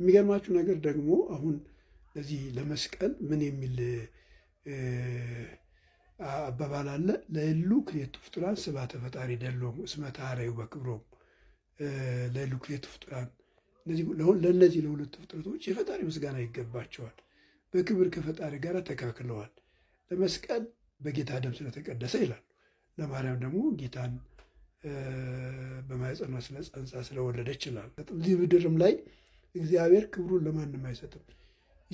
የሚገርማችሁ ነገር ደግሞ አሁን ለዚህ ለመስቀል ምን የሚል አባባል አለ? ለሉ ክሌቱ ፍጡራን ስባተ ፈጣሪ ደሎም እስመ ታረዩ በክብሮም ለሉ ክሌቱ ፍጡራን ለእነዚህ ለሁለቱ ፍጥረቶች የፈጣሪ ምስጋና ይገባቸዋል። በክብር ከፈጣሪ ጋር ተካክለዋል። ለመስቀል በጌታ ደም ስለተቀደሰ ይላሉ። ለማርያም ደግሞ ጌታን በማኅፀኗ ስለ ጸንሳ ስለወለደች ይላሉ። እዚህ ምድርም ላይ እግዚአብሔር ክብሩን ለማንም አይሰጥም።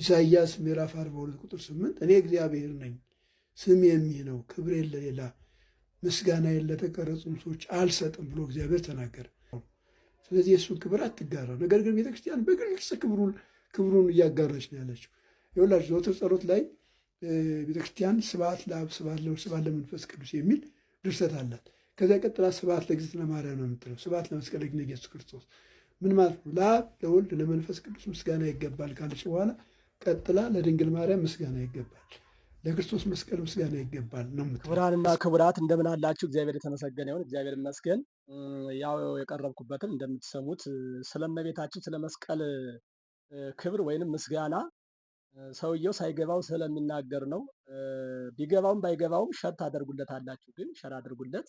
ኢሳይያስ ምዕራፍ 42 ቁጥር 8 እኔ እግዚአብሔር ነኝ፣ ስም የሚህ ነው፣ ክብር ለሌላ ምስጋና ለተቀረጹ ሰዎች አልሰጥም ብሎ እግዚአብሔር ተናገረ። ስለዚህ የእሱን ክብር አትጋራ። ነገር ግን ቤተክርስቲያን በግልጽ ክብሩን ክብሩን እያጋራች ነው ያለችው። የሁላችሁ ዘወትር ጸሎት ላይ ቤተክርስቲያን ስብሐት ለአብ ስብሐት ለወልድ ስብሐት ለመንፈስ ቅዱስ የሚል ድርሰት አላት። ከዚያ ቀጥላ ስብሐት ለእግዝእትነ ማርያም ነው የምትለው። ስብሐት ለመስቀል ኢየሱስ ክርስቶስ ምን ማለት ነው? ለአብ ለወልድ ለመንፈስ ቅዱስ ምስጋና ይገባል ካለች በኋላ ቀጥላ ለድንግል ማርያም ምስጋና ይገባል፣ ለክርስቶስ መስቀል ምስጋና ይገባል ነው። ክቡራንና ክቡራት እንደምን አላችሁ? እግዚአብሔር የተመሰገነ ይሁን። እግዚአብሔር ይመስገን። ያው የቀረብኩበትን እንደምትሰሙት ስለ እመቤታችን ስለ መስቀል ክብር ወይንም ምስጋና ሰውየው ሳይገባው ስለሚናገር ነው። ቢገባውም ባይገባውም ሸር ታደርጉለት አላችሁ፣ ግን ሸር አድርጉለት።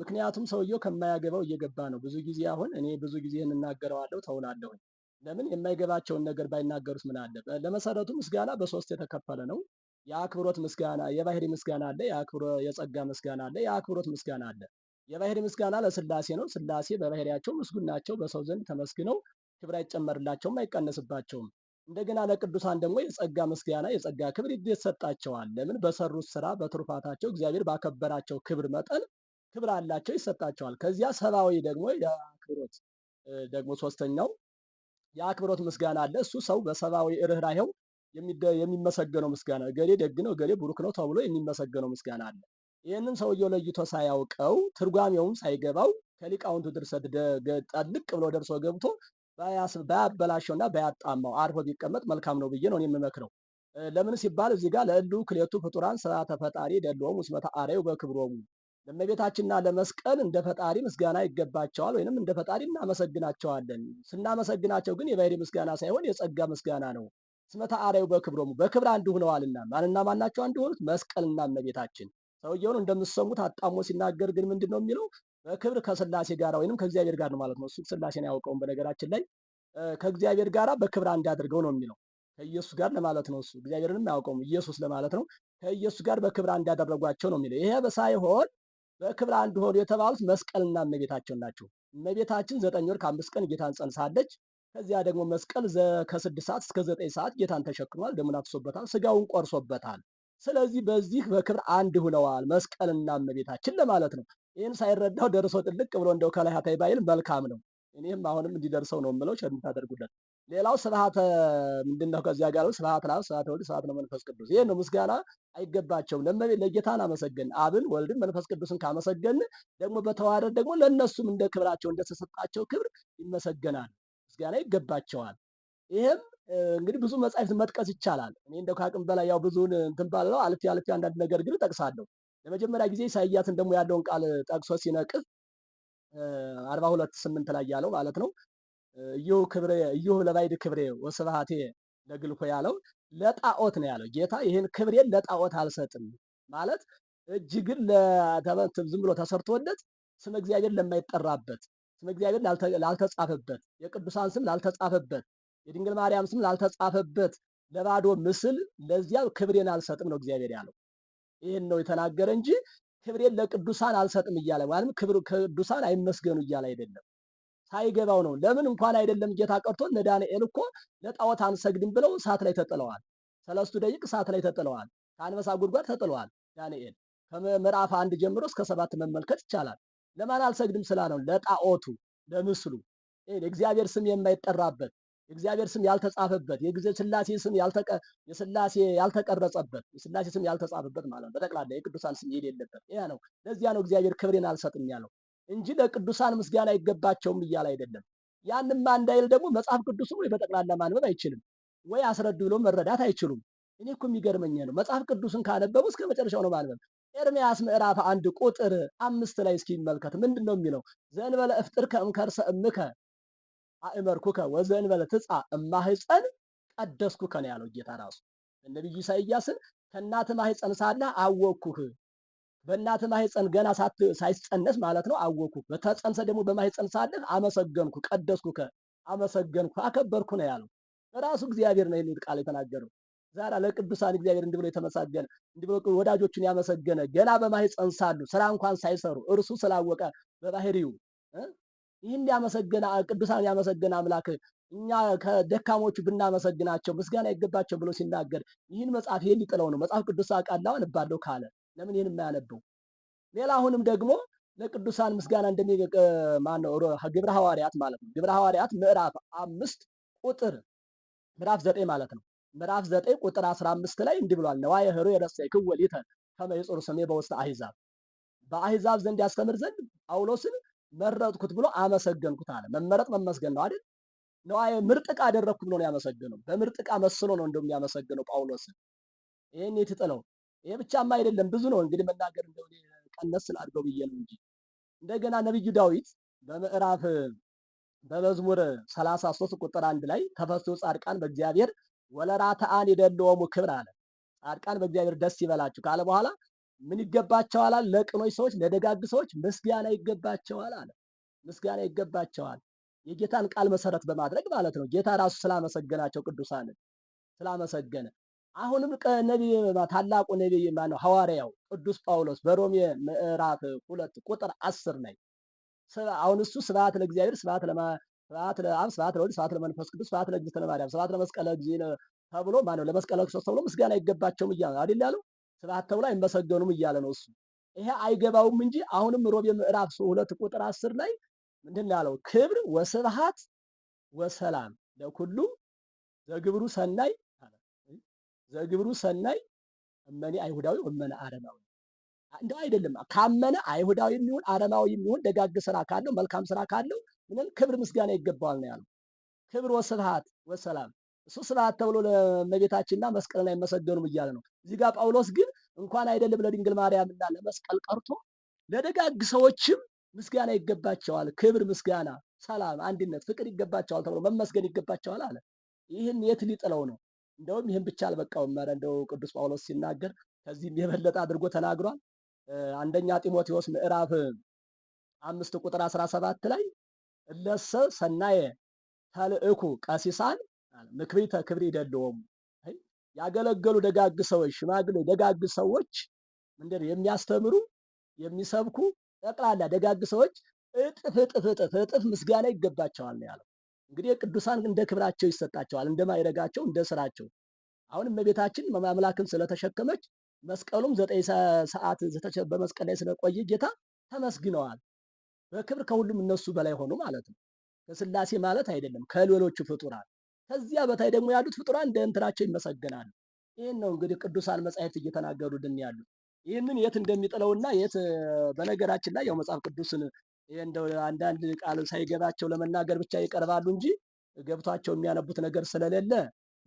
ምክንያቱም ሰውየው ከማያገባው እየገባ ነው። ብዙ ጊዜ አሁን እኔ ብዙ ጊዜ እንናገረዋለሁ ተውላለሁኝ። ለምን የማይገባቸውን ነገር ባይናገሩት ምን አለ? ለመሰረቱ ምስጋና በሶስት የተከፈለ ነው። የአክብሮት ምስጋና፣ የባህሪ ምስጋና አለ፣ የጸጋ ምስጋና አለ፣ የአክብሮት ምስጋና አለ። የባህሪ ምስጋና ለስላሴ ነው። ስላሴ በባህሪያቸው ምስጉን ናቸው። በሰው ዘንድ ተመስግነው ክብር አይጨመርላቸውም፣ አይቀነስባቸውም። እንደገና ለቅዱሳን ደግሞ የጸጋ ምስጋና የጸጋ ክብር ይሰጣቸዋል። ለምን በሰሩት ስራ በትሩፋታቸው እግዚአብሔር ባከበራቸው ክብር መጠን ክብር አላቸው፣ ይሰጣቸዋል። ከዚያ ሰብአዊ ደግሞ የአክብሮት ደግሞ ሶስተኛው የአክብሮት ምስጋና አለ። እሱ ሰው በሰብአዊ ርኅራሄው የሚመሰገነው ምስጋና ገሌ ደግ ነው፣ ገሌ ቡሩክ ነው ተብሎ የሚመሰገነው ምስጋና አለ። ይህንን ሰውየው ለይቶ ሳያውቀው ትርጓሜውም ሳይገባው ከሊቃውንቱ ድርሰት ጠልቅ ብሎ ደርሶ ገብቶ ባያበላሸውና ባያጣማው አርፎ ቢቀመጥ መልካም ነው ብዬ ነው የምመክረው። ለምን ሲባል እዚህ ጋር ለእሉ ክሌቱ ፍጡራን ስራ ተፈጣሪ ደልወሙ እስመ አረዩ በክብሮሙ ለእመቤታችንና ለመስቀል እንደ ፈጣሪ ምስጋና ይገባቸዋል፣ ወይንም እንደ ፈጣሪ እናመሰግናቸዋለን። ስናመሰግናቸው ግን የባህሪ ምስጋና ሳይሆን የጸጋ ምስጋና ነው። ስመታ አርአዩ በክብሮሙ በክብር አንድ ሆነዋልና። ማንና ማናቸው አንድ ሆኑት? መስቀልና እመቤታችን። ሰውየውን እንደምትሰሙት አጣሞ ሲናገር ግን ምንድን ነው የሚለው? በክብር ከስላሴ ጋር ወይንም ከእግዚአብሔር ጋር ነው ማለት ነው። እሱ ስላሴን ያውቀውም በነገራችን ላይ ከእግዚአብሔር ጋር በክብር አንድ አድርገው ነው የሚለው ከኢየሱስ ጋር ለማለት ነው። እሱ እግዚአብሔርንም አያውቀውም ኢየሱስ ለማለት ነው። ከኢየሱስ ጋር በክብር አንድ ያደረጓቸው ነው የሚለው ይሄ በሳይሆን በክብር አንድ ሆኑ የተባሉት መስቀልና እመቤታችን ናቸው። እመቤታችን ዘጠኝ ወር ከአምስት ቀን ጌታን ጸንሳለች። ከዚያ ደግሞ መስቀል ከስድስት ሰዓት እስከ ዘጠኝ ሰዓት ጌታን ተሸክሟል። ደሙን አፍሶበታል፣ ስጋውን ቆርሶበታል። ስለዚህ በዚህ በክብር አንድ ሁነዋል መስቀልና እመቤታችን ለማለት ነው። ይህን ሳይረዳው ደርሶ ጥልቅ ብሎ እንደው ከላይ ሀታይ ባይል መልካም ነው። እኔም አሁንም እንዲደርሰው ነው የምለው ሸር ሌላው ስብሐተ ምንድን ነው? ከዚያ ጋር ስብሐተ ለአብ ስብሐተ ወልድ ስብሐተ ለመንፈስ ቅዱስ። ይሄ ነው ምስጋና አይገባቸውም። ለመቤት ለጌታን አመሰገን አብን ወልድን መንፈስ ቅዱስን ካመሰገን ደግሞ በተዋረድ ደግሞ ለእነሱም እንደ ክብራቸው እንደተሰጣቸው ክብር ይመሰገናል፣ ምስጋና ይገባቸዋል። ይህም እንግዲህ ብዙ መጻሕፍት መጥቀስ ይቻላል። እኔ እንደው ከአቅም በላይ ያው ብዙውን እንትን ባለው አልፌ አልፌ አንዳንድ ነገር ግን እጠቅሳለሁ። ለመጀመሪያ ጊዜ ኢሳይያስን ደግሞ ያለውን ቃል ጠቅሶ ሲነቅፍ አርባ ሁለት ስምንት ላይ ያለው ማለት ነው እዮብ ክብሬ እዮብ ለባይድ ክብሬ ወስብሐቴ ለግልኮ ያለው ለጣዖት ነው ያለው። ጌታ ይህን ክብሬን ለጣዖት አልሰጥም ማለት እጅግን ለተበንትም ዝም ብሎ ተሰርቶለት ስም እግዚአብሔር ለማይጠራበት ስም እግዚአብሔር ላልተጻፈበት የቅዱሳን ስም ላልተጻፈበት የድንግል ማርያም ስም ላልተጻፈበት ለባዶ ምስል ለዚያ ክብሬን አልሰጥም ነው እግዚአብሔር ያለው። ይህን ነው የተናገረ እንጂ ክብሬን ለቅዱሳን አልሰጥም እያለ ማለትም ቅዱሳን አይመስገኑ እያለ አይደለም። ሳይገባው ነው። ለምን እንኳን አይደለም ጌታ ቀርቶ እነ ዳንኤል እኮ ለጣዖት አንሰግድም ብለው እሳት ላይ ተጥለዋል። ሰለስቱ ደቂቅ እሳት ላይ ተጥለዋል። ከአንበሳ ጉድጓድ ተጥለዋል። ዳንኤል ከምዕራፍ አንድ ጀምሮ እስከ ሰባት መመልከት ይቻላል። ለማን አልሰግድም ስላ ነው? ለጣዖቱ፣ ለምስሉ እግዚአብሔር ስም የማይጠራበት የእግዚአብሔር ስም ያልተጻፈበት የጊዜ ስላሴ ስም የስላሴ ያልተቀረጸበት የስላሴ ስም ያልተጻፈበት ማለት ነው። በጠቅላላ የቅዱሳን ስም የሌለበት ያ ነው። ለዚያ ነው እግዚአብሔር ክብሬን አልሰጥም ያለው። እንጂ ለቅዱሳን ምስጋና አይገባቸውም እያለ አይደለም። ያንም አንዳይል ደግሞ መጽሐፍ ቅዱስ ወይ በጠቅላላ ማንበብ አይችልም ወይ አስረዱ ብሎ መረዳት አይችሉም። እኔ እኮ የሚገርመኝ ነው መጽሐፍ ቅዱስን ካነበቡ እስከ መጨረሻው ነው ማንበብ። ኤርሚያስ ምዕራፍ አንድ ቁጥር አምስት ላይ እስኪ ይመልከት ምንድን ነው የሚለው? ዘንበለ እፍጥር ከእምከርሰ እምከ አእመርኩከ ወዘንበለ ትጻ እማህፀን ቀደስኩከ ነው ያለው ጌታ ራሱ። ነቢዩ ኢሳይያስን ከእናት ማህፀን ሳለ አወቅኩህ በእናት ማህፀን ገና ሳይጸነስ ማለት ነው አወኩ። በተጸንሰ ደግሞ በማህፀን ሳለህ አመሰገንኩ፣ ቀደስኩከ፣ አመሰገንኩ፣ አከበርኩ ነው ያለው። በራሱ እግዚአብሔር ነው የሚል ቃል የተናገረው። ዛራ ለቅዱሳን እግዚአብሔር እንዲህ የተመሰገነ እንዲህ ወዳጆቹን ያመሰገነ ገና በማህፀን ሳሉ ስራ እንኳን ሳይሰሩ እርሱ ስላወቀ በባህሪው ይህን ያመሰገነ ቅዱሳን ያመሰገነ አምላክ እኛ ከደካሞቹ ብናመሰግናቸው ምስጋና ይገባቸው ብሎ ሲናገር ይህን መጽሐፍ ይሄን ሊጥለው ነው መጽሐፍ ቅዱስ አቃላው አንባለው ካለ ለምን ይህን የማያነበው? ሌላ አሁንም ደግሞ ለቅዱሳን ምስጋና እንደሚ እንደሚማነው ግብረ ሐዋርያት ማለት ነው። ግብረ ሐዋርያት ምዕራፍ አምስት ቁጥር ምዕራፍ ዘጠኝ ማለት ነው። ምዕራፍ ዘጠኝ ቁጥር አስራ አምስት ላይ እንዲህ ብሏል። ነዋየ ህሩ የረሰይ ክወሊተ ከመ ይጹሩ ስሜ በውስጥ አሕዛብ በአሕዛብ ዘንድ ያስተምር ዘንድ ጳውሎስን መረጥኩት ብሎ አመሰገንኩት አለ። መመረጥ መመስገን ነው አይደል? ነዋየ ምርጥቃ አደረግኩ ብሎ ነው ያመሰገነው። በምርጥቃ መስሎ ነው እንደውም ያመሰገነው ጳውሎስን። ይህን የትጥለው ይሄ ብቻማ አይደለም፣ ብዙ ነው። እንግዲህ መናገር እንደው ቀነስ ስላድርገው ብዬ ነው እንጂ እንደገና ነቢዩ ዳዊት በምዕራፍ በመዝሙር 33 ቁጥር አንድ ላይ ተፈሱ ጻድቃን በእግዚአብሔር ወለራተአን የደለወሙ ክብር አለ። ጻድቃን በእግዚአብሔር ደስ ይበላችሁ ካለ በኋላ ምን ይገባቸዋል? ለቅኖች ሰዎች፣ ለደጋግ ሰዎች ምስጋና ይገባቸዋል አለ። ምስጋና ይገባቸዋል የጌታን ቃል መሰረት በማድረግ ማለት ነው። ጌታ ራሱ ስላመሰገናቸው ቅዱሳንን ስላመሰገነ አሁንም ነቢይ ታላቁ ነቢይ ማነው? ሐዋርያው ቅዱስ ጳውሎስ በሮሜ ምዕራፍ ሁለት ቁጥር አስር ላይ አሁን እሱ ስብሐት ለእግዚአብሔር ስብሐት ለማ ስብሐት ለአብ ስብሐት ለወልድ ስብሐት ለመንፈስ ቅዱስ ስብሐት ለእግዝእትነ ለማርያም ስብሐት ለመስቀለ እግዚእ ተብሎ ማነው ለመስቀለ ክርስቶስ ተብሎ ምስጋና አይገባቸውም እያለ አይደል ያለው። ስብሐት ተብሎ አይመሰገኑም እያለ ነው እሱ። ይሄ አይገባውም እንጂ አሁንም ሮሜ ምዕራፍ ሁለት ቁጥር አስር ላይ ምንድን ነው ያለው? ክብር ወስብሐት ወሰላም ለኩሉ ዘግብሩ ሰናይ ዘግብሩ ሰናይ እመኔ አይሁዳዊ እመነ አረማዊ እንደው አይደለም ካመነ አይሁዳዊ የሚሆን አረማዊ የሚሆን ደጋግ ስራ ካለው መልካም ስራ ካለው ምንም ክብር ምስጋና ይገባዋል ነው ያለው። ክብር ወስብሐት ወሰላም እሱ ስብሐት ተብሎ መስቀል ላይ መሰገኑም እያለ ነው። እዚህ ጋር ጳውሎስ ግን እንኳን አይደለም ለድንግል ማርያምና ለመስቀል ቀርቶ ለደጋግ ሰዎችም ምስጋና ይገባቸዋል፣ ክብር ምስጋና፣ ሰላም፣ አንድነት፣ ፍቅር ይገባቸዋል ተብሎ መመስገን ይገባቸዋል አለ። ይህን የት ሊጥለው ነው? እንደውም ይህን ብቻ አልበቃውም። ኧረ እንደው ቅዱስ ጳውሎስ ሲናገር ከዚህም የበለጠ አድርጎ ተናግሯል። አንደኛ ጢሞቴዎስ ምዕራፍ አምስት ቁጥር አስራ ሰባት ላይ እለሰ ሰናየ ተልእኩ ቀሲሳን ምክሪተ ክብር ይደልዎም ያገለገሉ ደጋግ ሰዎች ሽማግሌ ደጋግ ሰዎች ምንድን የሚያስተምሩ የሚሰብኩ ጠቅላላ ደጋግ ሰዎች እጥፍ እጥፍ እጥፍ እጥፍ ምስጋና ይገባቸዋል ያለው እንግዲህ ቅዱሳን እንደ ክብራቸው ይሰጣቸዋል፣ እንደ ማይረጋቸው እንደ ስራቸው። አሁን እመቤታችን አምላክን ስለተሸከመች መስቀሉም ዘጠኝ ሰዓት በመስቀል ላይ ስለቆየ ጌታ ተመስግነዋል። በክብር ከሁሉም እነሱ በላይ ሆኑ ማለት ነው። ከስላሴ ማለት አይደለም፣ ከሌሎቹ ፍጡራን። ከዚያ በታይ ደግሞ ያሉት ፍጡራን እንደ እንትናቸው ይመሰገናሉ። ይህን ነው እንግዲህ ቅዱሳን መጻሕፍት እየተናገሩልን ያሉት። ይህንን የት እንደሚጥለውና የት በነገራችን ላይ ያው መጽሐፍ ቅዱስን እንደው አንዳንድ ቃል ሳይገባቸው ለመናገር ብቻ ይቀርባሉ እንጂ ገብቷቸው የሚያነቡት ነገር ስለሌለ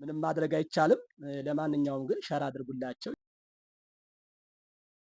ምንም ማድረግ አይቻልም። ለማንኛውም ግን ሸር አድርጉላቸው።